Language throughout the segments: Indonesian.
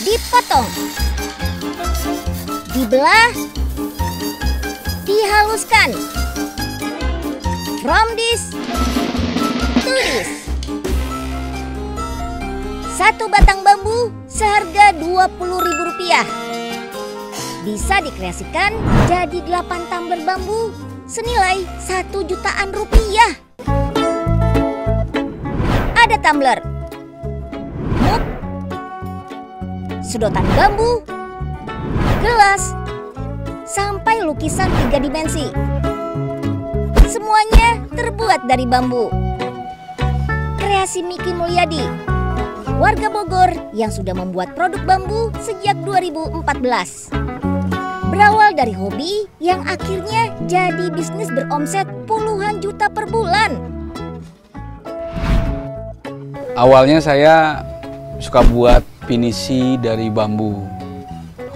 Dipotong. Dibelah. Dihaluskan. From Romdis. Tulis. Satu batang bambu seharga Rp20.000. Bisa dikreasikan jadi 8 tumbler bambu senilai satu jutaan rupiah. Ada tumbler sedotan bambu, gelas, sampai lukisan tiga dimensi. Semuanya terbuat dari bambu. Kreasi Miki Mulyadi, warga Bogor yang sudah membuat produk bambu sejak 2014. Berawal dari hobi yang akhirnya jadi bisnis beromset puluhan juta per bulan awalnya saya suka buat pinisi dari bambu.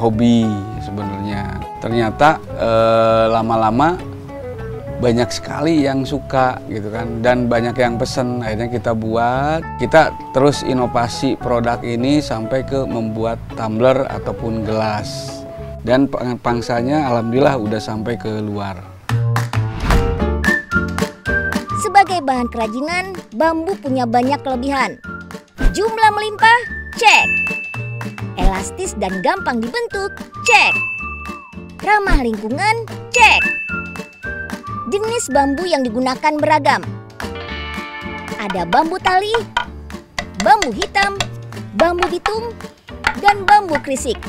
Hobi sebenarnya. Ternyata eh, lama-lama eh, banyak sekali yang suka gitu kan dan banyak yang pesen akhirnya kita buat kita terus inovasi produk ini sampai ke membuat tumbler ataupun gelas dan pangsanya alhamdulillah udah sampai ke luar sebagai bahan kerajinan bambu punya banyak kelebihan jumlah melimpah Cek. Elastis dan gampang dibentuk. Cek. Ramah lingkungan. Cek. Jenis bambu yang digunakan beragam. Ada bambu tali, bambu hitam, bambu bitung, dan bambu krisik.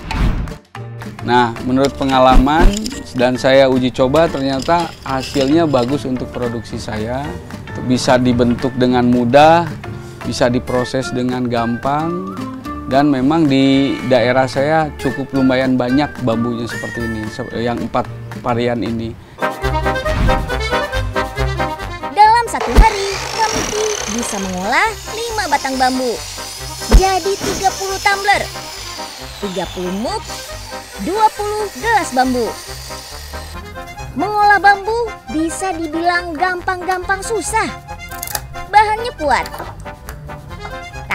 Nah, menurut pengalaman dan saya uji coba ternyata hasilnya bagus untuk produksi saya. Bisa dibentuk dengan mudah, bisa diproses dengan gampang, dan memang di daerah saya cukup lumayan banyak bambunya seperti ini yang empat varian ini dalam satu hari kami bisa mengolah lima batang bambu jadi 30 tumbler 30 muk 20 gelas bambu Mengolah bambu bisa dibilang gampang-gampang susah. Bahannya kuat,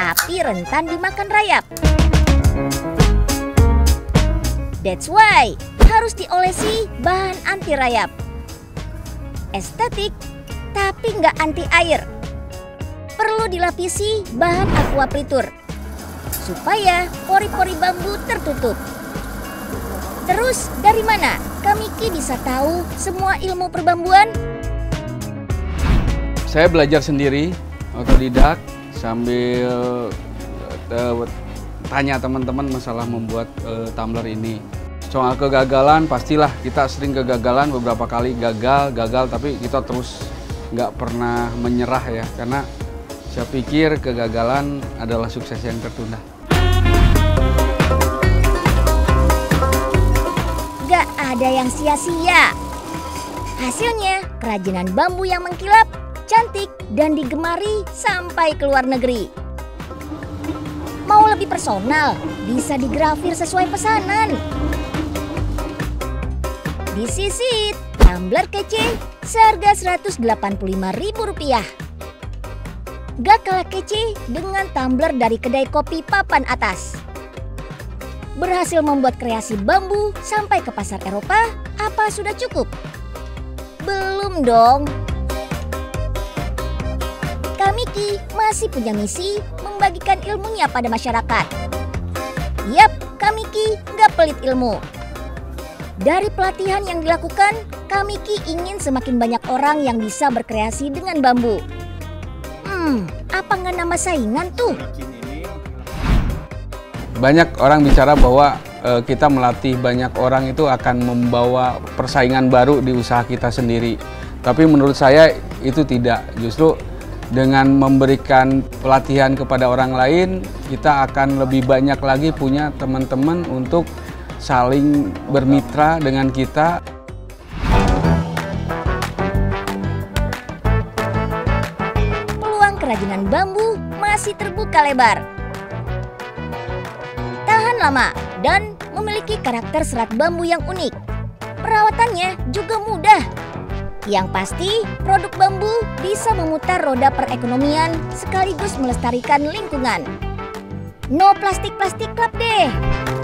tapi rentan dimakan rayap. That's why harus diolesi bahan anti rayap. Estetik tapi nggak anti air. Perlu dilapisi bahan aqua pritur supaya pori-pori bambu tertutup. Terus dari mana Kamiki bisa tahu semua ilmu perbambuan? Saya belajar sendiri, otodidak, sambil uh, tanya teman-teman masalah membuat uh, tumbler ini. Soal kegagalan pastilah kita sering kegagalan beberapa kali gagal gagal tapi kita terus nggak pernah menyerah ya karena saya pikir kegagalan adalah sukses yang tertunda. Nggak ada yang sia-sia. Hasilnya kerajinan bambu yang mengkilap cantik, dan digemari sampai ke luar negeri. Mau lebih personal, bisa digrafir sesuai pesanan. Di sisi tumbler kece seharga Rp185.000. Gak kalah kece dengan tumbler dari kedai kopi papan atas. Berhasil membuat kreasi bambu sampai ke pasar Eropa, apa sudah cukup? Belum dong. Nah, Miki masih punya misi membagikan ilmunya pada masyarakat. Yap, Kamiki nggak pelit ilmu. Dari pelatihan yang dilakukan, Kamiki ingin semakin banyak orang yang bisa berkreasi dengan bambu. Hmm, apa nggak nama saingan tuh? Banyak orang bicara bahwa uh, kita melatih banyak orang itu akan membawa persaingan baru di usaha kita sendiri. Tapi menurut saya itu tidak. Justru dengan memberikan pelatihan kepada orang lain, kita akan lebih banyak lagi punya teman-teman untuk saling bermitra dengan kita. Peluang kerajinan bambu masih terbuka lebar. Tahan lama dan memiliki karakter serat bambu yang unik. Perawatannya juga mudah yang pasti, produk bambu bisa memutar roda perekonomian sekaligus melestarikan lingkungan. No plastik-plastik club deh!